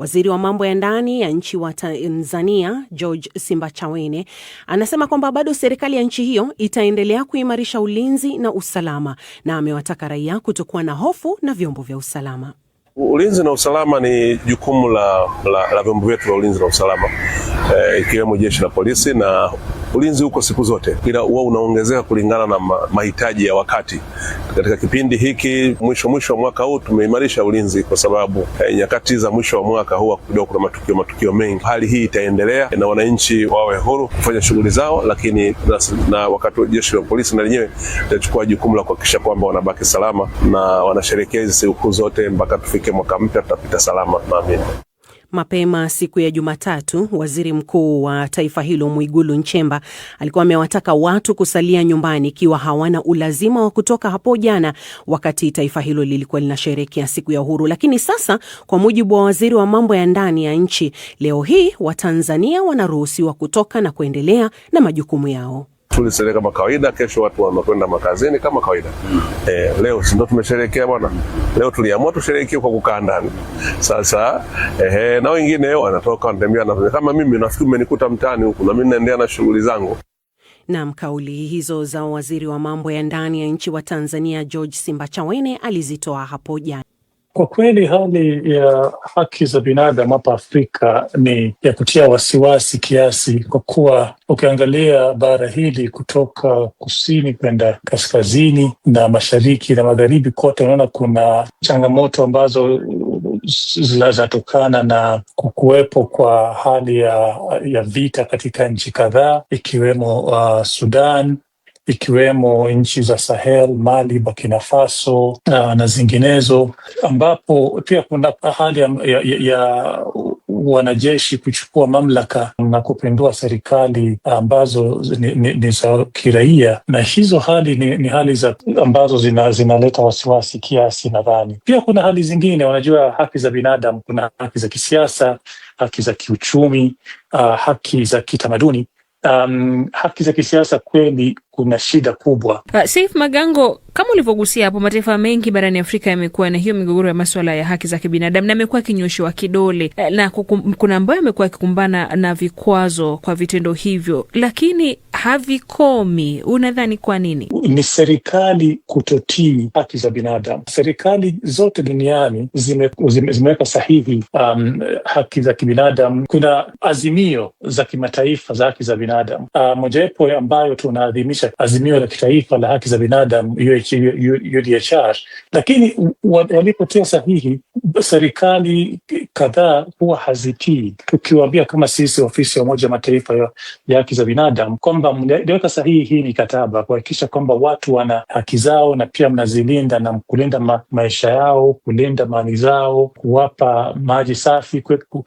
Waziri wa mambo ya ndani ya nchi wa Tanzania George Simbachawene anasema kwamba bado serikali ya nchi hiyo itaendelea kuimarisha ulinzi na usalama, na amewataka raia kutokuwa na hofu na vyombo vya usalama. Ulinzi na usalama ni jukumu la, la, la vyombo vyetu vya ulinzi na usalama eh, ikiwemo jeshi la polisi na ulinzi uko siku zote, ila huwa unaongezeka kulingana na mahitaji ya wakati. Katika kipindi hiki mwisho mwisho wa mwaka huu tumeimarisha ulinzi kwa sababu eh, nyakati za mwisho wa mwaka huwa kidogo kuna matukio matukio mengi. Hali hii itaendelea na wananchi wawe huru kufanya shughuli zao, lakini na, na wakati jeshi la polisi na lenyewe litachukua jukumu la kuhakikisha kwamba wanabaki salama na wanasherekea hizi sikukuu zote mpaka tufike mwaka mpya, tutapita salama naamini. Mapema siku ya Jumatatu, waziri mkuu wa taifa hilo Mwigulu Nchemba alikuwa amewataka watu kusalia nyumbani ikiwa hawana ulazima wa kutoka hapo jana, wakati taifa hilo lilikuwa linasherehekea siku ya uhuru. Lakini sasa, kwa mujibu wa waziri wa mambo ya ndani ya nchi, leo hii Watanzania wanaruhusiwa kutoka na kuendelea na majukumu yao. Shule zinaendelea kama kawaida, kesho watu wanakwenda makazini kama kawaida. Hmm. Eh, leo si ndo tumesherehekea bwana. Hmm. Leo tuliamua tusherehekee kwa kukaa ndani. Sasa eh, na wengine wanatoka wanatembea na kama mimi nafikiri umenikuta mtaani huku na mimi naendelea na shughuli zangu. Nam, kauli hizo za waziri wa mambo ya ndani ya nchi wa Tanzania George Simbachawene alizitoa hapo jana. Kwa kweli hali ya haki za binadamu hapa Afrika ni ya kutia wasiwasi kiasi, kwa kuwa ukiangalia bara hili kutoka kusini kwenda kaskazini na mashariki na magharibi, kote unaona kuna changamoto ambazo zinazotokana na kukuwepo kwa hali ya, ya vita katika nchi kadhaa ikiwemo uh, Sudan ikiwemo nchi za Sahel, Mali, Burkina Faso na zinginezo, ambapo pia kuna hali ya, ya, ya wanajeshi kuchukua mamlaka na kupindua serikali ambazo ni, ni, ni za kiraia, na hizo hali ni, ni hali za ambazo zinaleta zina wasiwasi kiasi. Nadhani pia kuna hali zingine, wanajua haki za binadamu, kuna haki za kisiasa, haki za kiuchumi, uh, haki za kitamaduni. Um, haki za kisiasa kweli kuna shida kubwa. Uh, Saif Magango, kama ulivyogusia hapo, mataifa mengi barani Afrika yamekuwa na hiyo migogoro ya masuala ya haki za kibinadamu na yamekuwa akinyoshewa kidole eh, na kukum, kuna ambayo amekuwa akikumbana na vikwazo kwa vitendo hivyo, lakini havikomi. Unadhani kwa nini ni serikali kutotii haki za binadamu? Serikali zote duniani zimeweka zime, zime sahihi um, haki za kibinadamu. Kuna azimio za kimataifa za haki za binadamu uh, mojawapo ambayo tunaadhimisha azimio la kitaifa la haki za binadamu UDHR, lakini walipotia sahihi, serikali kadhaa huwa hazitii. Tukiwaambia kama sisi ofisi ya Umoja Mataifa ya haki za binadamu kwamba mliweka sahihi hii mikataba kuhakikisha kwamba watu wana haki zao na pia mnazilinda na kulinda ma maisha yao, kulinda mali zao, kuwapa maji safi kwetu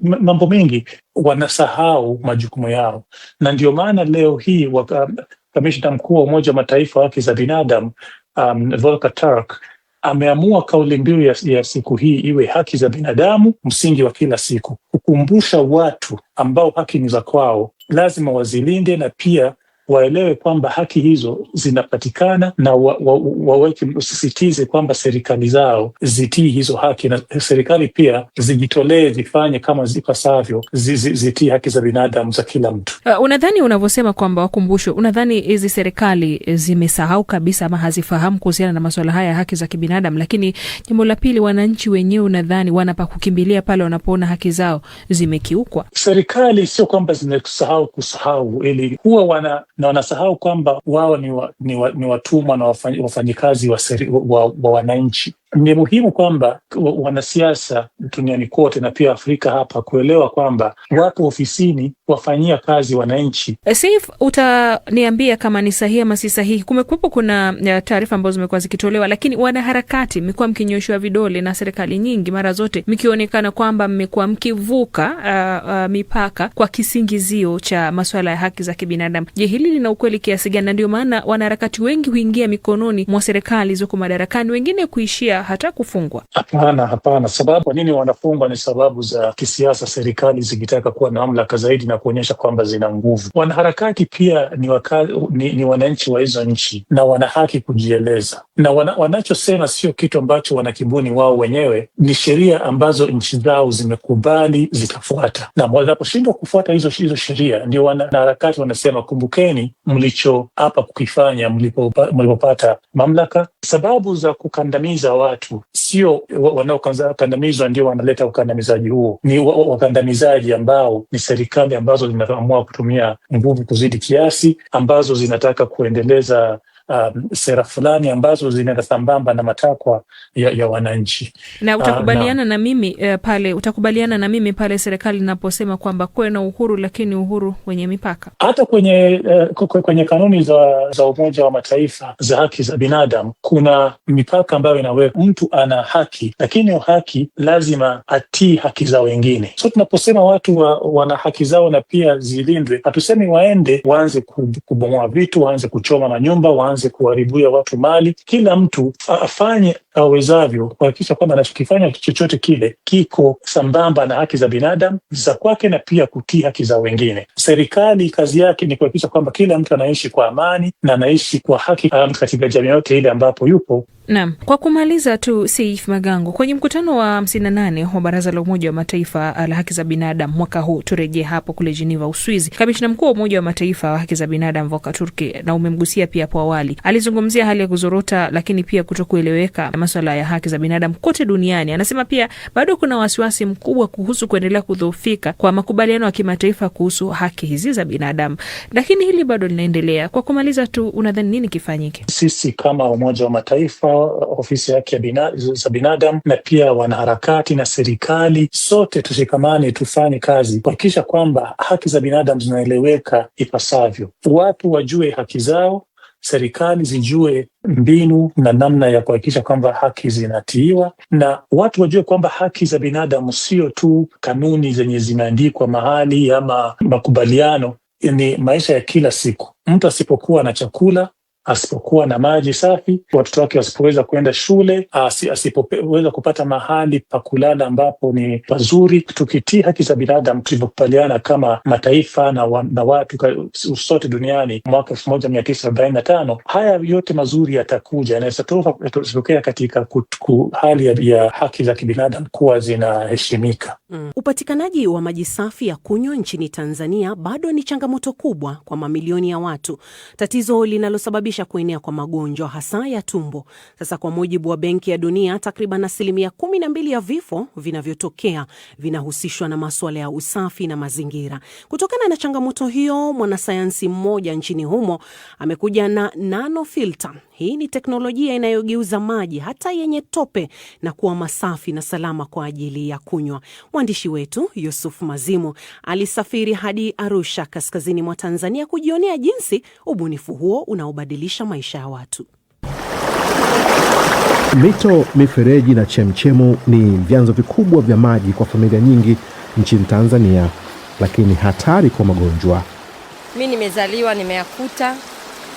mambo mengi wanasahau majukumu yao, na ndio maana leo hii waka, kamishna mkuu wa Umoja wa Mataifa haki za binadamu um, Volker Turk ameamua kauli mbiu ya, ya siku hii iwe haki za binadamu msingi wa kila siku, kukumbusha watu ambao haki ni za kwao lazima wazilinde na pia waelewe kwamba haki hizo zinapatikana na waweke wa, wa, usisitize kwamba serikali zao zitii hizo haki, na serikali pia zijitolee zifanye kama zipasavyo zitii haki za binadamu za kila mtu. Uh, unadhani unavyosema kwamba wakumbushwe, unadhani hizi serikali zimesahau kabisa ama hazifahamu kuhusiana na masuala haya ya haki za kibinadamu? Lakini jambo la pili, wananchi wenyewe unadhani wanapa kukimbilia pale wanapoona haki zao zimekiukwa? Serikali sio kwamba zimesahau kusahau, ili huwa wana na wanasahau kwamba wao ni, wa, ni, wa, ni watumwa na wafanyikazi wa, wa, wa wananchi. Ni muhimu kwamba wanasiasa duniani kote na pia Afrika hapa kuelewa kwamba wapo ofisini wafanyia kazi wananchi. Eh, Sif, utaniambia kama ni sahihi ama si sahihi. Kumekuwepo kuna taarifa ambazo zimekuwa zikitolewa, lakini wanaharakati mmekuwa mkinyoshewa vidole na serikali nyingi mara zote, mkionekana kwamba mmekuwa mkivuka uh, uh, mipaka kwa kisingizio cha masuala ya haki za kibinadamu. Je, hili lina ukweli kiasi gani? Na ndio maana wanaharakati wengi huingia mikononi mwa serikali zoko madarakani, wengine kuishia hata kufungwa? Hapana, hapana. Sababu kwa nini wanafungwa ni sababu za kisiasa, serikali zikitaka kuwa na mamlaka zaidi na kuonyesha kwamba zina nguvu. Wanaharakati pia ni, waka, ni, ni wananchi wa hizo nchi na wana haki kujieleza na wana, wanachosema sio kitu ambacho wanakibuni wao wenyewe, ni sheria ambazo nchi zao zimekubali zitafuata, na wanaposhindwa kufuata hizo, hizo sheria ndio wanaharakati wanasema, kumbukeni mlichoapa kukifanya mlipopata mamlaka. Sababu za kukandamiza watu sio wanaokandamizwa ndio wanaleta ukandamizaji huo, ni wakandamizaji ambao ni serikali ambazo zinaamua kutumia nguvu kuzidi kiasi, ambazo zinataka kuendeleza um, sera fulani ambazo zinaenda sambamba na matakwa ya, ya wananchi. Na ah, utakubaliana uh, na, na mimi uh, pale utakubaliana na mimi pale serikali inaposema kwamba kuwe na uhuru, lakini uhuru wenye mipaka. Hata kwenye uh, kwenye kanuni za, za Umoja wa Mataifa za haki za binadamu kuna mipaka ambayo inaweka, mtu ana haki, lakini haki lazima atii haki za wengine. So tunaposema watu wa, wana haki zao na pia zilindwe, hatusemi waende waanze kubomoa vitu, waanze kuchoma manyumba, waanze aanze kuharibia watu mali, kila mtu afanye awezavyo uh, kuhakikisha kwamba anachokifanya chochote kile kiko sambamba na haki za binadamu za kwake na pia kutii haki za wengine. Serikali kazi yake ni kuhakikisha kwamba kila mtu anaishi kwa amani na anaishi kwa haki um, katika jamii yote ile ambapo yupo. Naam, kwa kumaliza tu, Seif Magango, kwenye mkutano wa hamsini na nane wa Baraza la Umoja wa Mataifa uh, la haki za binadamu mwaka huu, turejee hapo kule Jeneva, Uswizi, kamishna mkuu wa Umoja wa Mataifa wa haki za binadamu Volker Turk, na umemgusia pia hapo awali, alizungumzia hali ya kuzorota lakini pia kutokueleweka maswala ya haki za binadamu kote duniani. Anasema pia bado kuna wasiwasi mkubwa kuhusu kuendelea kudhoofika kwa makubaliano ya kimataifa kuhusu haki hizi za binadamu, lakini hili bado linaendelea. Kwa kumaliza tu, unadhani nini kifanyike? Sisi kama Umoja wa Mataifa, ofisi ya haki za binadamu na pia wanaharakati na serikali, sote tushikamane, tufanye kazi kuhakikisha kwamba haki za binadamu zinaeleweka ipasavyo, watu wajue haki zao serikali zijue mbinu na namna ya kuhakikisha kwamba haki zinatiiwa, na watu wajue kwamba haki za binadamu sio tu kanuni zenye zimeandikwa mahali ama makubaliano, ni maisha ya kila siku. Mtu asipokuwa na chakula asipokuwa na maji safi, watoto wake wasipoweza kuenda shule, asipoweza kupata mahali pa kulala ambapo ni pazuri. Tukitii haki za binadamu tulivyokubaliana kama mataifa na, wa, na watu sote duniani mwaka elfu moja mia tisa arobaini na tano, haya yote mazuri yatakuja, yanawezatokea katika kutuku, hali ya haki za kibinadamu kuwa zinaheshimika. Mm. Upatikanaji wa maji safi ya kunywa nchini Tanzania bado ni changamoto kubwa kwa mamilioni ya watu, tatizo linalosababisha kusababisha kuenea kwa magonjwa hasa ya tumbo. Sasa kwa mujibu wa Benki ya Dunia, takriban asilimia kumi na mbili ya vifo vinavyotokea vinahusishwa na masuala ya usafi na mazingira. Kutokana na changamoto hiyo, mwanasayansi mmoja nchini humo amekuja na nano Hii ni teknolojia inayogeuza maji hata yenye tope na kuwa masafi na salama kwa ajili ya kunywa. Mwandishi wetu Yusuf Mazimu alisafiri hadi Arusha, kaskazini mwa Tanzania, kujionea jinsi ubunifu huo unaobadilika kubadilisha maisha ya watu. Mito, mifereji na chemchemu ni vyanzo vikubwa vya maji kwa familia nyingi nchini Tanzania, lakini hatari kwa magonjwa. Mi nimezaliwa nimeyakuta,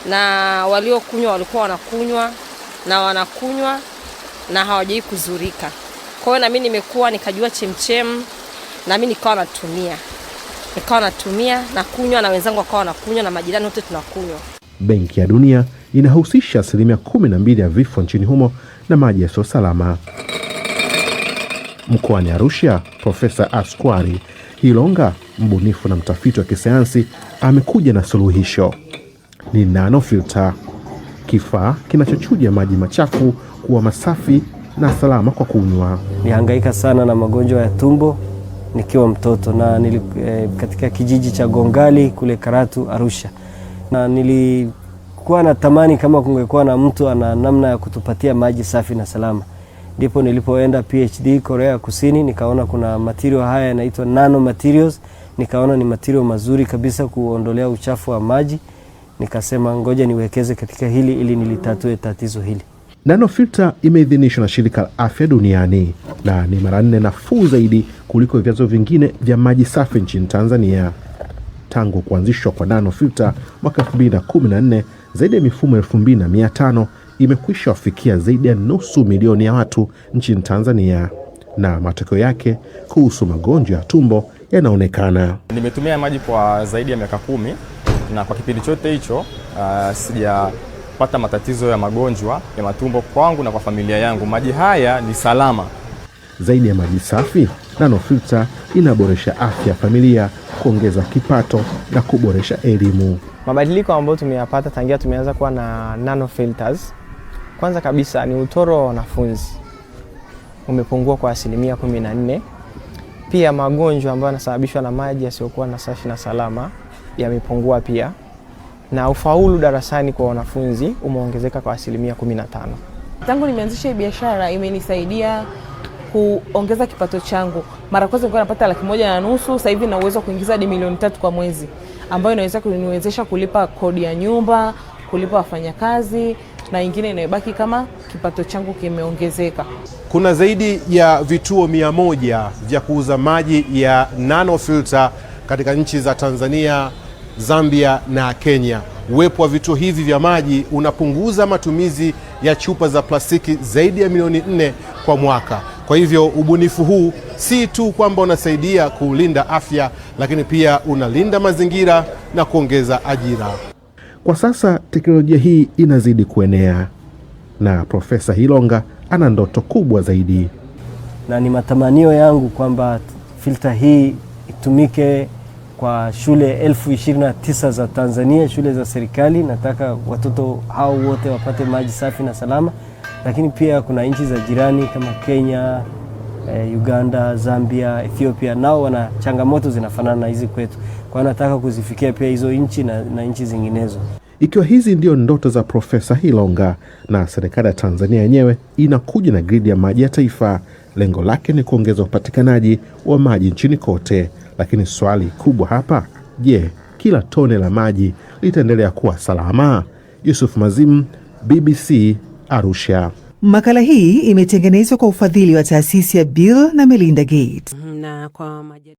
na waliokunywa walikuwa wanakunywa na wanakunywa na hawajai kuzurika. Kwa hiyo nami nimekuwa nikajua chemchemu, nami nikawa natumia nikawa natumia nakunywa na wenzangu wakawa wanakunywa na majirani wote tunakunywa. Benki ya Dunia inahusisha asilimia kumi na mbili ya vifo nchini humo na maji yasiyo salama. Mkoani Arusha, Profesa Askwari Hilonga, mbunifu na mtafiti wa kisayansi, amekuja na suluhisho. Ni nanofilter, kifaa kinachochuja maji machafu kuwa masafi na salama kwa kunywa. Nihangaika sana na magonjwa ya tumbo nikiwa mtoto na nili, eh, katika kijiji cha Gongali kule Karatu Arusha na nilikuwa natamani kama kungekuwa na mtu ana namna ya kutupatia maji safi na salama. Ndipo nilipoenda PhD Korea Kusini, nikaona kuna material haya yanaitwa nano materials, nikaona ni material mazuri kabisa kuondolea uchafu wa maji. Nikasema ngoja niwekeze katika hili ili nilitatue tatizo hili. Nano filter imeidhinishwa na shirika la afya duniani na ni mara nne nafuu zaidi kuliko vyanzo vingine vya maji safi nchini Tanzania tangu kuanzishwa kwa Nano filta mwaka 2014, zaidi ya mifumo 2500 imekwisha wafikia zaidi ya nusu milioni ya watu nchini Tanzania, na matokeo yake kuhusu magonjwa ya tumbo yanaonekana. Nimetumia maji kwa zaidi ya miaka kumi na kwa kipindi chote hicho uh, sijapata matatizo ya magonjwa ya matumbo kwangu na kwa familia yangu. Maji haya ni salama zaidi ya maji safi nanofilta inaboresha afya ya familia, kuongeza kipato na kuboresha elimu. Mabadiliko ambayo tumeyapata tangia tumeanza kuwa na nanofilters, kwanza kabisa ni utoro wa wanafunzi umepungua kwa asilimia 14. Pia magonjwa ambayo yanasababishwa na maji yasiyokuwa na safi na salama yamepungua pia, na ufaulu darasani kwa wanafunzi umeongezeka kwa asilimia 15. Tangu nimeanzisha biashara imenisaidia kuongeza kipato changu. Mara kwanza nilikuwa napata laki moja na nusu, sasa hivi na uwezo wa kuingiza hadi milioni tatu kwa mwezi, ambayo inaweza kuniwezesha kulipa kodi ya nyumba, kulipa wafanyakazi na ingine inayobaki kama kipato changu kimeongezeka. Kuna zaidi ya vituo mia moja vya kuuza maji ya nano filter katika nchi za Tanzania, Zambia na Kenya. Uwepo wa vituo hivi vya maji unapunguza matumizi ya chupa za plastiki zaidi ya milioni nne kwa mwaka. Kwa hivyo ubunifu huu si tu kwamba unasaidia kulinda afya, lakini pia unalinda mazingira na kuongeza ajira. Kwa sasa teknolojia hii inazidi kuenea na Profesa Hilonga ana ndoto kubwa zaidi. Na ni matamanio yangu kwamba filta hii itumike kwa shule elfu ishirini na tisa za Tanzania, shule za serikali. Nataka watoto hao wote wapate maji safi na salama lakini pia kuna nchi za jirani kama Kenya, eh, Uganda, Zambia, Ethiopia nao wana changamoto zinafanana na hizi kwetu, kwa nataka kuzifikia pia hizo nchi na, na nchi zinginezo. Ikiwa hizi ndio ndoto za Profesa Hilonga na serikali ya Tanzania yenyewe inakuja na gridi ya maji ya taifa, lengo lake ni kuongeza upatikanaji wa maji nchini kote. Lakini swali kubwa hapa, je, kila tone la maji litaendelea kuwa salama? Yusuf Mazimu, BBC Arusha. Makala hii imetengenezwa kwa ufadhili wa taasisi ya Bill na Melinda Gates. Na kwa